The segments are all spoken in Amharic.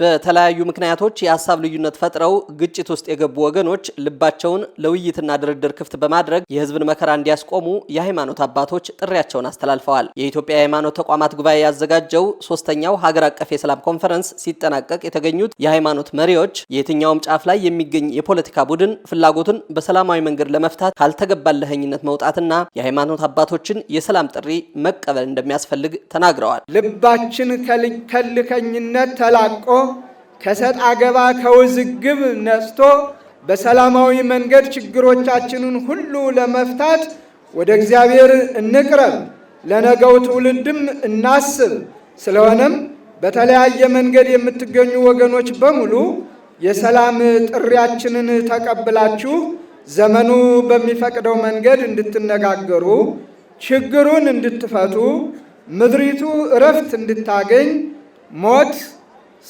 በተለያዩ ምክንያቶች የሀሳብ ልዩነት ፈጥረው ግጭት ውስጥ የገቡ ወገኖች ልባቸውን ለውይይትና ድርድር ክፍት በማድረግ የሕዝብን መከራ እንዲያስቆሙ የሃይማኖት አባቶች ጥሪያቸውን አስተላልፈዋል። የኢትዮጵያ የሃይማኖት ተቋማት ጉባኤ ያዘጋጀው ሶስተኛው ሀገር አቀፍ የሰላም ኮንፈረንስ ሲጠናቀቅ የተገኙት የሃይማኖት መሪዎች የትኛውም ጫፍ ላይ የሚገኝ የፖለቲካ ቡድን ፍላጎቱን በሰላማዊ መንገድ ለመፍታት ካልተገባለኸኝነት መውጣትና የሃይማኖት አባቶችን የሰላም ጥሪ መቀበል እንደሚያስፈልግ ተናግረዋል። ልባችን ከልከኝነት ተላቆ ከሰጥ አገባ ከውዝግብ ነጽቶ በሰላማዊ መንገድ ችግሮቻችንን ሁሉ ለመፍታት ወደ እግዚአብሔር እንቅረብ፣ ለነገው ትውልድም እናስብ። ስለሆነም በተለያየ መንገድ የምትገኙ ወገኖች በሙሉ የሰላም ጥሪያችንን ተቀብላችሁ ዘመኑ በሚፈቅደው መንገድ እንድትነጋገሩ፣ ችግሩን እንድትፈቱ፣ ምድሪቱ እረፍት እንድታገኝ ሞት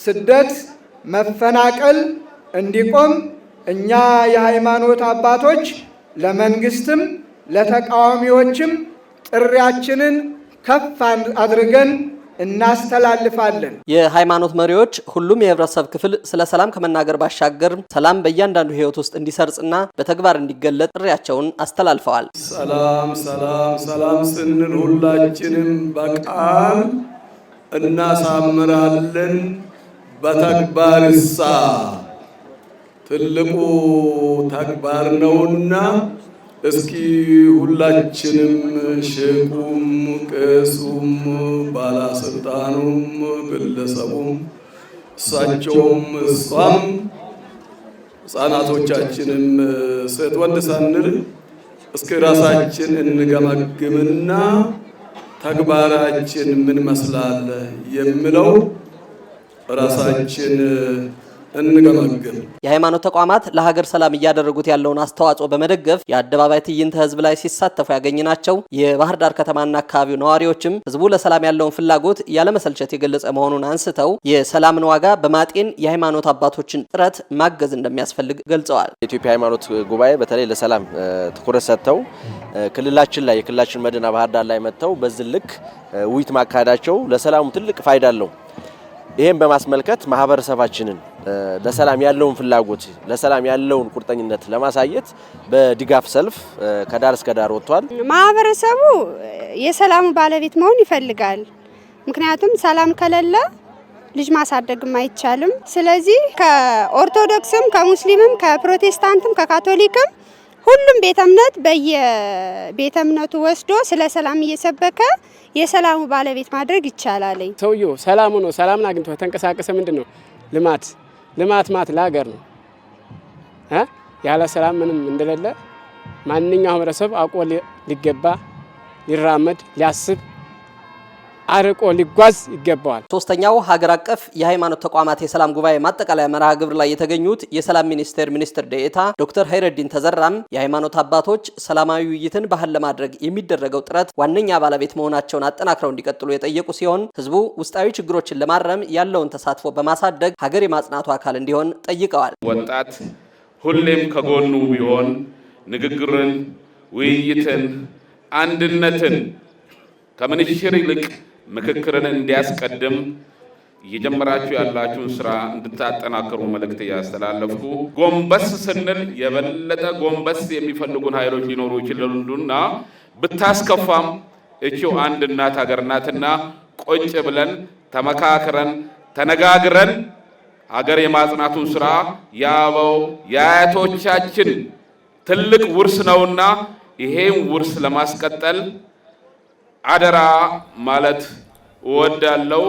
ስደት መፈናቀል እንዲቆም እኛ የሃይማኖት አባቶች ለመንግስትም ለተቃዋሚዎችም ጥሪያችንን ከፍ አድርገን እናስተላልፋለን። የሃይማኖት መሪዎች ሁሉም የህብረተሰብ ክፍል ስለ ሰላም ከመናገር ባሻገር ሰላም በእያንዳንዱ ህይወት ውስጥ እንዲሰርጽና በተግባር እንዲገለጥ ጥሪያቸውን አስተላልፈዋል። ሰላም ሰላም ሰላም ስንል ሁላችንም በቃል እናሳምራለን። በተግባርሳ ትልቁ ተግባር ነውና እስኪ ሁላችንም ሼኩም፣ ቄሱም፣ ባለስልጣኑም፣ ግለሰቡም፣ እሳቸውም፣ እሷም፣ ሕፃናቶቻችንም ሴት ወንድ ሳንል እስኪ ራሳችን እንገመግምና ተግባራችን ምን መስላል የሚለው ራሳችን እንገመግም። የሃይማኖት ተቋማት ለሀገር ሰላም እያደረጉት ያለውን አስተዋጽኦ በመደገፍ የአደባባይ ትዕይንተ ህዝብ ላይ ሲሳተፉ ያገኘናቸው የባህር ዳር ከተማና አካባቢው ነዋሪዎችም ህዝቡ ለሰላም ያለውን ፍላጎት ያለመሰልቸት የገለጸ መሆኑን አንስተው የሰላምን ዋጋ በማጤን የሃይማኖት አባቶችን ጥረት ማገዝ እንደሚያስፈልግ ገልጸዋል። የኢትዮጵያ ሃይማኖት ጉባኤ በተለይ ለሰላም ትኩረት ሰጥተው ክልላችን ላይ የክልላችን መዲና ባህር ዳር ላይ መጥተው በዚህ ልክ ውይይት ማካሄዳቸው ለሰላሙ ትልቅ ፋይዳ አለው። ይህም በማስመልከት ማህበረሰባችንን ለሰላም ያለውን ፍላጎት ለሰላም ያለውን ቁርጠኝነት ለማሳየት በድጋፍ ሰልፍ ከዳር እስከ ዳር ወጥቷል። ማህበረሰቡ የሰላሙ ባለቤት መሆን ይፈልጋል። ምክንያቱም ሰላም ከሌለ ልጅ ማሳደግም አይቻልም። ስለዚህ ከኦርቶዶክስም፣ ከሙስሊምም፣ ከፕሮቴስታንትም፣ ከካቶሊክም ሁሉም ቤተ እምነት በየቤተ እምነቱ ወስዶ ስለ ሰላም እየሰበከ የሰላሙ ባለቤት ማድረግ ይቻላል። ሰውየው ሰላሙ ነው። ሰላምን አግኝቶ ተንቀሳቀሰ። ምንድን ነው ልማት? ልማት ማት ለሀገር ነው። ያለ ሰላም ምንም እንደሌለ ማንኛው ህብረተሰብ አውቆ ሊገባ ሊራመድ ሊያስብ አርቆ ሊጓዝ ይገባዋል። ሶስተኛው ሀገር አቀፍ የሃይማኖት ተቋማት የሰላም ጉባኤ ማጠቃለያ መርሃ ግብር ላይ የተገኙት የሰላም ሚኒስቴር ሚኒስትር ደኤታ ዶክተር ሀይረዲን ተዘራም የሃይማኖት አባቶች ሰላማዊ ውይይትን ባህል ለማድረግ የሚደረገው ጥረት ዋነኛ ባለቤት መሆናቸውን አጠናክረው እንዲቀጥሉ የጠየቁ ሲሆን ህዝቡ ውስጣዊ ችግሮችን ለማረም ያለውን ተሳትፎ በማሳደግ ሀገር የማጽናቱ አካል እንዲሆን ጠይቀዋል። ወጣት ሁሌም ከጎኑ ቢሆን ንግግርን፣ ውይይትን፣ አንድነትን ከምንሽር ይልቅ ምክክርን እንዲያስቀድም እየጀመራችሁ ያላችሁን ስራ እንድታጠናክሩ መልእክት እያስተላለፍኩ ጎንበስ ስንል የበለጠ ጎንበስ የሚፈልጉን ኃይሎች ሊኖሩ ይችላሉና ብታስከፋም እቺው አንድ እናት ሀገር ናትና ቆጭ ብለን ተመካክረን ተነጋግረን ሀገር የማጽናቱን ስራ የአበው የአያቶቻችን ትልቅ ውርስ ነውና ይሄን ውርስ ለማስቀጠል አደራ ማለት እወዳለሁ።